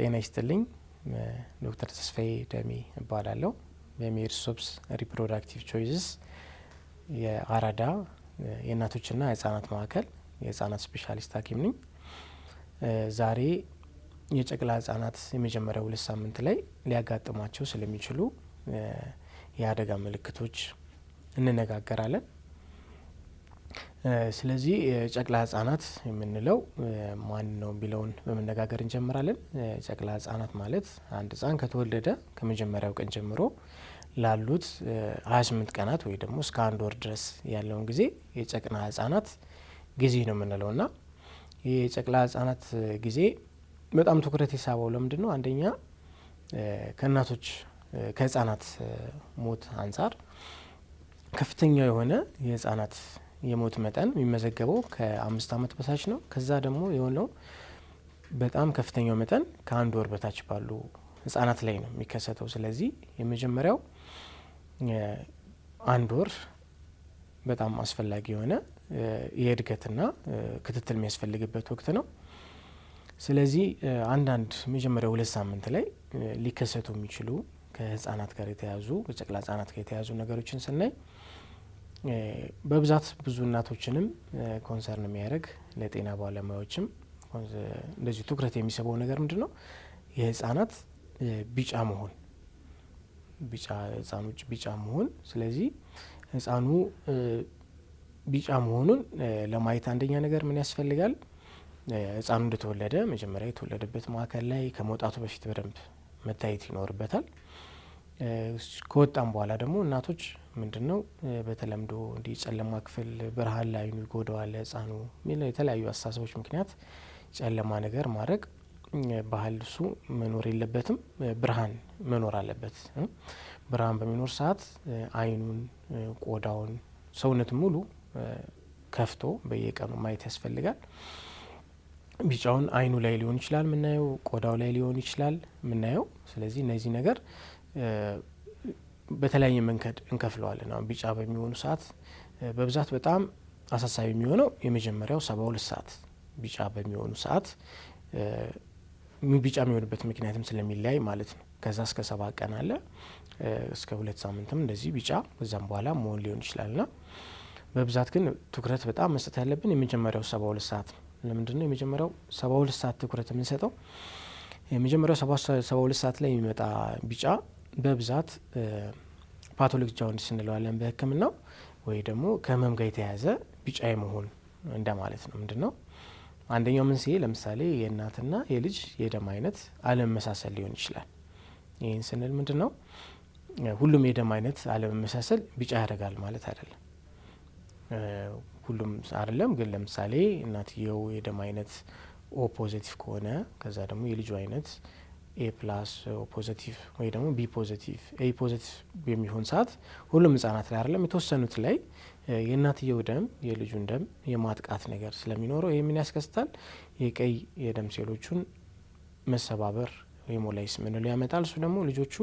ጤና ይስጥልኝ። ዶክተር ተስፋዬ ደሜ እባላለሁ። የሜርሶፕስ ሪፕሮዳክቲቭ ቾይዝስ የአራዳ የእናቶችና የህጻናት ማዕከል የህጻናት ስፔሻሊስት ሐኪም ነኝ። ዛሬ የጨቅላ ህጻናት የመጀመሪያ ሁለት ሳምንት ላይ ሊያጋጥሟቸው ስለሚችሉ የአደጋ ምልክቶች እንነጋገራለን። ስለዚህ ጨቅላ ህጻናት የምንለው ማን ነው የሚለውን በመነጋገር እንጀምራለን። ጨቅላ ህጻናት ማለት አንድ ህጻን ከተወለደ ከመጀመሪያው ቀን ጀምሮ ላሉት 28 ቀናት ወይ ደግሞ እስከ አንድ ወር ድረስ ያለውን ጊዜ የጨቅላ ህጻናት ጊዜ ነው የምንለው እና ይህ የጨቅላ ህጻናት ጊዜ በጣም ትኩረት የሳበው ለምንድን ነው? አንደኛ ከእናቶች ከህጻናት ሞት አንጻር ከፍተኛ የሆነ የህጻናት የሞት መጠን የሚመዘገበው ከአምስት ዓመት በታች ነው። ከዛ ደግሞ የሆነው በጣም ከፍተኛው መጠን ከአንድ ወር በታች ባሉ ህጻናት ላይ ነው የሚከሰተው። ስለዚህ የመጀመሪያው አንድ ወር በጣም አስፈላጊ የሆነ የእድገትና ክትትል የሚያስፈልግበት ወቅት ነው። ስለዚህ አንዳንድ መጀመሪያ ሁለት ሳምንት ላይ ሊከሰቱ የሚችሉ ከህጻናት ጋር የተያዙ ከጨቅላ ህጻናት ጋር የተያዙ ነገሮችን ስናይ በብዛት ብዙ እናቶችንም ኮንሰርን የሚያደርግ ለጤና ባለሙያዎችም እንደዚሁ ትኩረት የሚስበው ነገር ምንድን ነው? የህጻናት ቢጫ መሆን ቢጫ ህጻኖች ቢጫ መሆን። ስለዚህ ህጻኑ ቢጫ መሆኑን ለማየት አንደኛ ነገር ምን ያስፈልጋል? ህጻኑ እንደተወለደ መጀመሪያ የተወለደበት ማዕከል ላይ ከመውጣቱ በፊት በደንብ መታየት ይኖርበታል። ከወጣም በኋላ ደግሞ እናቶች ምንድን ነው በተለምዶ እንዲ ጨለማ ክፍል ብርሃን ለዓይኑ ይጎዳዋል ሕፃኑ የሚለው የተለያዩ አስተሳሰቦች ምክንያት ጨለማ ነገር ማድረግ ባህል እሱ መኖር የለበትም። ብርሃን መኖር አለበት። ብርሃን በሚኖር ሰዓት አይኑን ቆዳውን፣ ሰውነት ሙሉ ከፍቶ በየቀኑ ማየት ያስፈልጋል። ቢጫውን አይኑ ላይ ሊሆን ይችላል ምናየው፣ ቆዳው ላይ ሊሆን ይችላል ምናየው። ስለዚህ እነዚህ ነገር በተለያየ መንገድ እንከፍለዋለን። አሁን ቢጫ በሚሆኑ ሰዓት በብዛት በጣም አሳሳቢ የሚሆነው የመጀመሪያው ሰባ ሁለት ሰዓት ቢጫ በሚሆኑ ሰዓት ቢጫ የሚሆንበት ምክንያትም ስለሚለያይ ማለት ነው። ከዛ እስከ ሰባ ቀን አለ እስከ ሁለት ሳምንትም እንደዚህ ቢጫ ከዛም በኋላ መሆን ሊሆን ይችላልና በብዛት ግን ትኩረት በጣም መስጠት ያለብን የመጀመሪያው ሰባ ሁለት ሰዓት ነው። ለምንድን ነው የመጀመሪያው ሰባ ሁለት ሰዓት ትኩረት የምንሰጠው? የመጀመሪያው ሰባ ሁለት ሰዓት ላይ የሚመጣ ቢጫ በብዛት ፓቶሊክ ጃውንዲስ እንለዋለን በሕክምናው ወይ ደግሞ ከህመም ጋር የተያያዘ ቢጫ የመሆን እንደማለት ነው። ምንድን ነው አንደኛው መንስኤ ለምሳሌ የእናትና የልጅ የደም አይነት አለመመሳሰል ሊሆን ይችላል። ይህን ስንል ምንድን ነው ሁሉም የደም አይነት አለመመሳሰል ቢጫ ያደርጋል ማለት አይደለም። ሁሉም አይደለም ግን ለምሳሌ እናትየው የደም አይነት ኦ ከሆነ ከዛ ደግሞ የልጁ አይነት ኤ ፕላስ ፖዘቲቭ ወይ ደግሞ ቢ ፖዘቲቭ ኤ ፖዘቲቭ የሚሆን ሰዓት ሁሉም ህጻናት ላይ አይደለም፣ የተወሰኑት ላይ የእናትየው ደም የልጁን ደም የማጥቃት ነገር ስለሚኖረው ይህ ምን ያስከስታል? የቀይ የደም ሴሎቹን መሰባበር ሄሞላይስ ምንሉ ያመጣል። እሱ ደግሞ ልጆቹ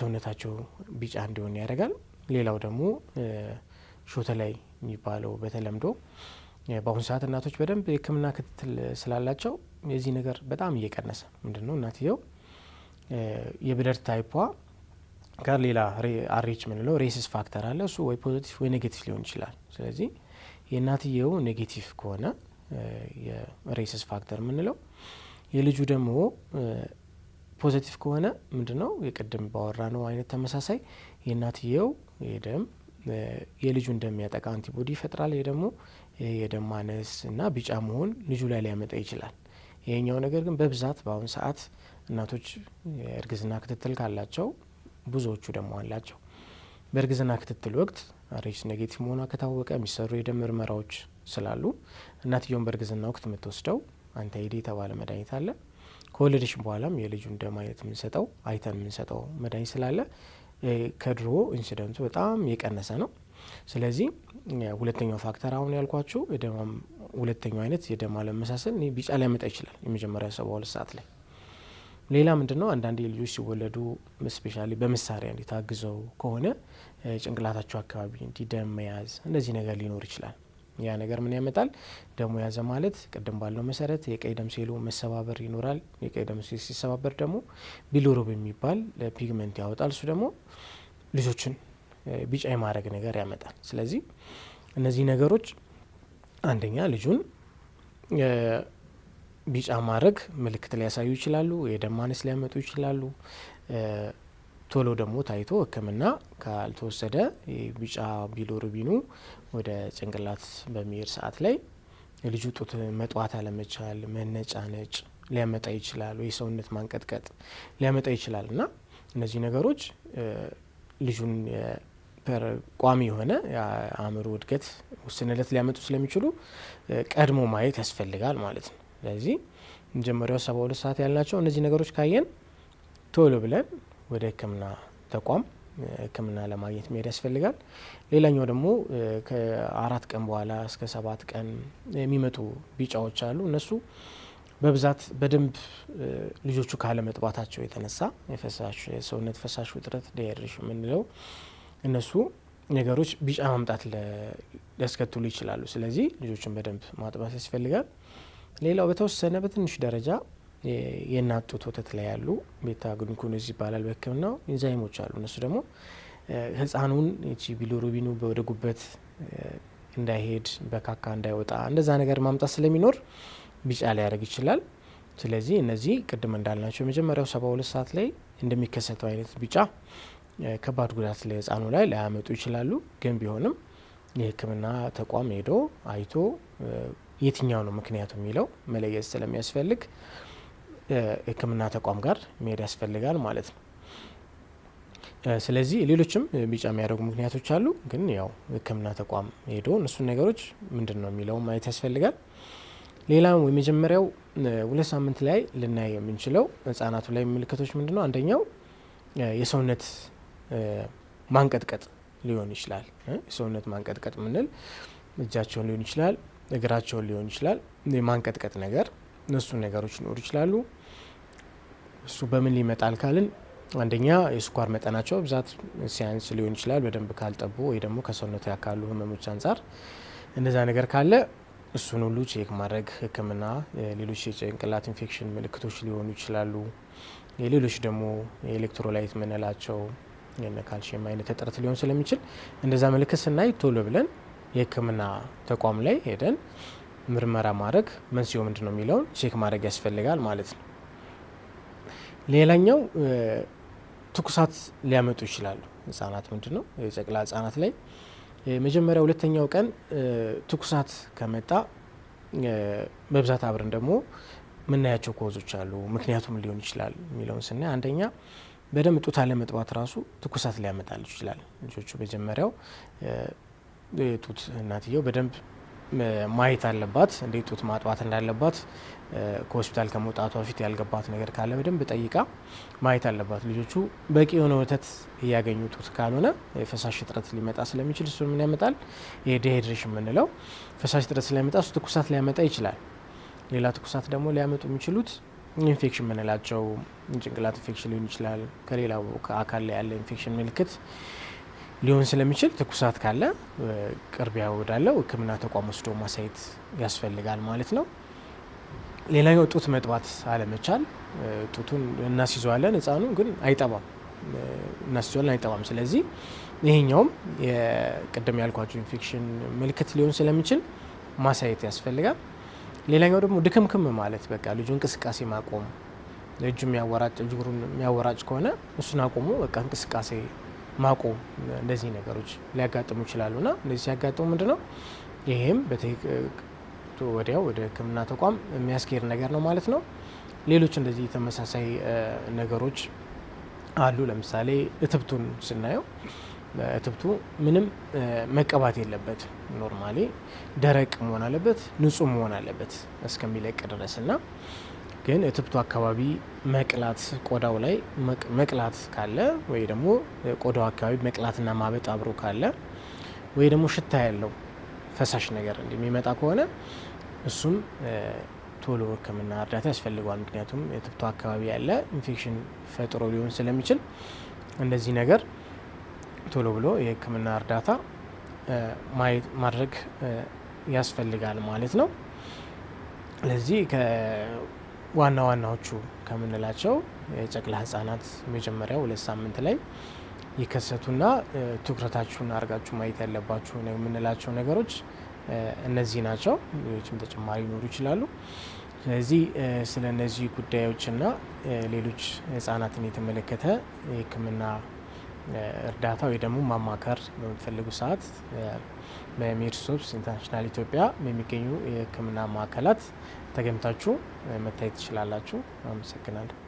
ሰውነታቸው ቢጫ እንዲሆን ያደርጋል። ሌላው ደግሞ ሾተ ላይ የሚባለው በተለምዶ በአሁኑ ሰዓት እናቶች በደንብ የህክምና ክትትል ስላላቸው የዚህ ነገር በጣም እየቀነሰ ምንድን ነው እናትየው የብለድ ታይፖ ጋር ሌላ አሬች ምንለው ሬሲስ ፋክተር አለ። እሱ ወይ ፖዘቲቭ ወይ ኔጌቲቭ ሊሆን ይችላል። ስለዚህ የእናትየው ኔጌቲቭ ከሆነ የሬሲስ ፋክተር ምንለው የልጁ ደግሞ ፖዘቲቭ ከሆነ ነው የቅድም ባወራ ነው አይነት ተመሳሳይ የእናትየው የደም የልጁ እንደሚያጠቃ አንቲቦዲ ይፈጥራል። ይህ ደግሞ የደም ማነስ እና ቢጫ መሆን ልጁ ላይ ሊያመጣ ይችላል። ይሄኛው ነገር ግን በብዛት በአሁኑ ሰዓት እናቶች እርግዝና ክትትል ካላቸው ብዙዎቹ ደግሞ አላቸው። በእርግዝና ክትትል ወቅት አርኤች ኔጌቲቭ መሆኗ ከታወቀ የሚሰሩ የደም ምርመራዎች ስላሉ እናትየውን በእርግዝና ወቅት የምትወስደው አንታይዲ የተባለ መድኃኒት አለ። ከወለደች በኋላም የልጁን ደም አይነት የምንሰጠው አይተን የምንሰጠው መድኃኒት ስላለ ከድሮ ኢንሲደንቱ በጣም የቀነሰ ነው። ስለዚህ ሁለተኛው ፋክተር አሁን ያልኳችሁ የደማም ሁለተኛው አይነት የደም አለመመሳሰል ቢጫ ሊያመጣ ይችላል የመጀመሪያ ሰባ ሁለት ሰዓት ላይ። ሌላ ምንድን ነው አንዳንዴ ልጆች ሲወለዱ ስፔሻሊ በመሳሪያ እንዲታግዘው ከሆነ ጭንቅላታቸው አካባቢ እንዲ ደም መያዝ እነዚህ ነገር ሊኖር ይችላል። ያ ነገር ምን ያመጣል? ደሙ ያዘ ማለት ቅድም ባለው መሰረት የቀይ ደም ሴሉ መሰባበር ይኖራል። የቀይ ደም ሴል ሲሰባበር ደግሞ ቢሊሩቢን የሚባል ፒግመንት ያወጣል። እሱ ደግሞ ልጆችን ቢጫ የማድረግ ነገር ያመጣል። ስለዚህ እነዚህ ነገሮች አንደኛ ልጁን ቢጫ ማድረግ ምልክት ሊያሳዩ ይችላሉ። የደም ማነስ ሊያመጡ ይችላሉ። ቶሎ ደግሞ ታይቶ ሕክምና ካልተወሰደ ቢጫ ቢሊሩቢኑ ወደ ጭንቅላት በሚሄድ ሰዓት ላይ ልጁ ጡት መጥዋት አለመቻል፣ ነጭ ሊያመጣ ይችላል። የሰውነት ማንቀጥቀጥ ሊያመጣ ይችላል እና እነዚህ ነገሮች ልጁን ቋሚ የሆነ የአእምሮ እድገት ውስንነት ሊያመጡ ስለሚችሉ ቀድሞ ማየት ያስፈልጋል ማለት ነው። ስለዚህ መጀመሪያው ሰባ ሁለት ሰዓት ያልናቸው እነዚህ ነገሮች ካየን ቶሎ ብለን ወደ ሕክምና ተቋም ሕክምና ለማግኘት መሄድ ያስፈልጋል። ሌላኛው ደግሞ ከአራት ቀን በኋላ እስከ ሰባት ቀን የሚመጡ ቢጫዎች አሉ። እነሱ በብዛት በደንብ ልጆቹ ካለመጥባታቸው የተነሳ የፈሳሽ የሰውነት ፈሳሽ ውጥረት ዲሃይድሬሽን የምንለው እነሱ ነገሮች ቢጫ ማምጣት ሊያስከትሉ ይችላሉ። ስለዚህ ልጆችን በደንብ ማጥባት ያስፈልጋል። ሌላው በተወሰነ በትንሽ ደረጃ የእናት ጡት ወተት ላይ ያሉ ቤታ ግሉኮኖዝ ይባላል በሕክምናው ኢንዛይሞች አሉ። እነሱ ደግሞ ህፃኑን ቺ ቢሎሩቢኑ ወደ ጉበት እንዳይሄድ በካካ እንዳይወጣ እንደዛ ነገር ማምጣት ስለሚኖር ቢጫ ሊያደርግ ይችላል። ስለዚህ እነዚህ ቅድም እንዳልናቸው የመጀመሪያው ሰባ ሁለት ሰዓት ላይ እንደሚከሰተው አይነት ቢጫ ከባድ ጉዳት ለህፃኑ ላይ ላያመጡ ይችላሉ። ግን ቢሆንም የህክምና ተቋም ሄዶ አይቶ የትኛው ነው ምክንያቱ የሚለው መለየት ስለሚያስፈልግ ህክምና ተቋም ጋር መሄድ ያስፈልጋል ማለት ነው። ስለዚህ ሌሎችም ቢጫ የሚያደርጉ ምክንያቶች አሉ። ግን ያው ህክምና ተቋም ሄዶ እነሱን ነገሮች ምንድን ነው የሚለው ማየት ያስፈልጋል። ሌላም የመጀመሪያው ሁለት ሳምንት ላይ ልናይ የምንችለው ህጻናቱ ላይ ምልክቶች ምንድን ነው? አንደኛው የሰውነት ማንቀጥቀጥ ሊሆን ይችላል። የሰውነት ማንቀጥቀጥ ምንል እጃቸውን ሊሆን ይችላል፣ እግራቸውን ሊሆን ይችላል። የማንቀጥቀጥ ነገር እነሱ ነገሮች ሊኖሩ ይችላሉ። እሱ በምን ሊመጣል ካልን አንደኛ የስኳር መጠናቸው ብዛት ሲያንስ ሊሆን ይችላል፣ በደንብ ካልጠቡ ወይ ደግሞ ከሰውነት ካሉ ህመሞች አንጻር እነዛ ነገር ካለ እሱን ሁሉ ቼክ ማድረግ ህክምና ሌሎች የጭንቅላት ኢንፌክሽን ምልክቶች ሊሆኑ ይችላሉ። ሌሎች ደግሞ የኤሌክትሮላይት ምንላቸው ካልሽየም አይነት እጥረት ሊሆን ስለሚችል እንደዛ ምልክት ስናይ ቶሎ ብለን የህክምና ተቋም ላይ ሄደን ምርመራ ማድረግ መንስኤው ምንድን ነው የሚለውን ቼክ ማድረግ ያስፈልጋል ማለት ነው። ሌላኛው ትኩሳት ሊያመጡ ይችላሉ። ህጻናት ምንድን ነው የጨቅላ ህጻናት ላይ መጀመሪያ ሁለተኛው ቀን ትኩሳት ከመጣ በብዛት አብረን ደግሞ ምናያቸው ኮዞች አሉ ምክንያቱም ሊሆን ይችላል የሚለውን ስናይ አንደኛ በደንብ ጡት አለመጥባት ራሱ ትኩሳት ሊያመጣል ይችላል። ልጆቹ መጀመሪያው ጡት እናትየው በደንብ ማየት አለባት። እንዴት ጡት ማጥባት እንዳለባት ከሆስፒታል ከመውጣቷ በፊት ያልገባት ነገር ካለ በደንብ ጠይቃ ማየት አለባት። ልጆቹ በቂ የሆነ ወተት እያገኙ ጡት ካልሆነ የፈሳሽ እጥረት ሊመጣ ስለሚችል እሱ ምን ያመጣል? ይሄ ዲሄድሬሽን የምንለው ፈሳሽ እጥረት ስለሚመጣ እሱ ትኩሳት ሊያመጣ ይችላል። ሌላ ትኩሳት ደግሞ ሊያመጡ የሚችሉት ኢንፌክሽን የምንላቸው ጭንቅላት ኢንፌክሽን ሊሆን ይችላል። ከሌላው አካል ላይ ያለ ኢንፌክሽን ምልክት ሊሆን ስለሚችል ትኩሳት ካለ ቅርቢያ ወዳለው ሕክምና ተቋም ወስዶ ማሳየት ያስፈልጋል ማለት ነው። ሌላኛው ጡት መጥባት አለመቻል፣ ጡቱን እናስይዘዋለን፣ ህፃኑ ግን አይጠባም፣ እናስይዘዋለን፣ አይጠባም። ስለዚህ ይሄኛውም የቅድም ያልኳቸው ኢንፌክሽን ምልክት ሊሆን ስለሚችል ማሳየት ያስፈልጋል። ሌላኛው ደግሞ ድክምክም ማለት በቃ ልጁ እንቅስቃሴ ማቆም እጁ የሚያወራጭ እግሩ የሚያወራጭ ከሆነ እሱን አቆሙ በቃ እንቅስቃሴ ማቆም እንደዚህ ነገሮች ሊያጋጥሙ ይችላሉ ና እንደዚህ ሲያጋጥሙ ምንድነው ይህም ወዲያው ወደ ህክምና ተቋም የሚያስኬድ ነገር ነው ማለት ነው። ሌሎች እንደዚህ ተመሳሳይ ነገሮች አሉ። ለምሳሌ እትብቱን ስናየው እትብቱ ምንም መቀባት የለበት። ኖርማሊ ደረቅ መሆን አለበት፣ ንጹህ መሆን አለበት እስከሚለቅ ድረስ እና ግን እትብቱ አካባቢ መቅላት ቆዳው ላይ መቅላት ካለ ወይ ደግሞ ቆዳው አካባቢ መቅላትና ማበጥ አብሮ ካለ ወይ ደግሞ ሽታ ያለው ፈሳሽ ነገር እንደሚመጣ ከሆነ እሱም ቶሎ ሕክምና እርዳታ ያስፈልገዋል። ምክንያቱም የትብቱ አካባቢ ያለ ኢንፌክሽን ፈጥሮ ሊሆን ስለሚችል እንደዚህ ነገር ቶሎ ብሎ የህክምና እርዳታ ማየት ማድረግ ያስፈልጋል ማለት ነው። ለዚህ ከዋና ዋናዎቹ ከምንላቸው የጨቅላ ህጻናት መጀመሪያ ሁለት ሳምንት ላይ ይከሰቱና ትኩረታችሁን አድርጋችሁ ማየት ያለባችሁ የምንላቸው ነገሮች እነዚህ ናቸው። ሌሎችም ተጨማሪ ሊኖሩ ይችላሉ። ስለዚህ ስለ እነዚህ ጉዳዮችና ሌሎች ህጻናትን የተመለከተ የህክምና እርዳታ ወይ ደግሞ ማማከር በምትፈልጉ ሰዓት በሜድሶፕስ ኢንተርናሽናል ኢትዮጵያ በሚገኙ የሕክምና ማዕከላት ተገኝታችሁ መታየት ትችላላችሁ። አመሰግናለሁ።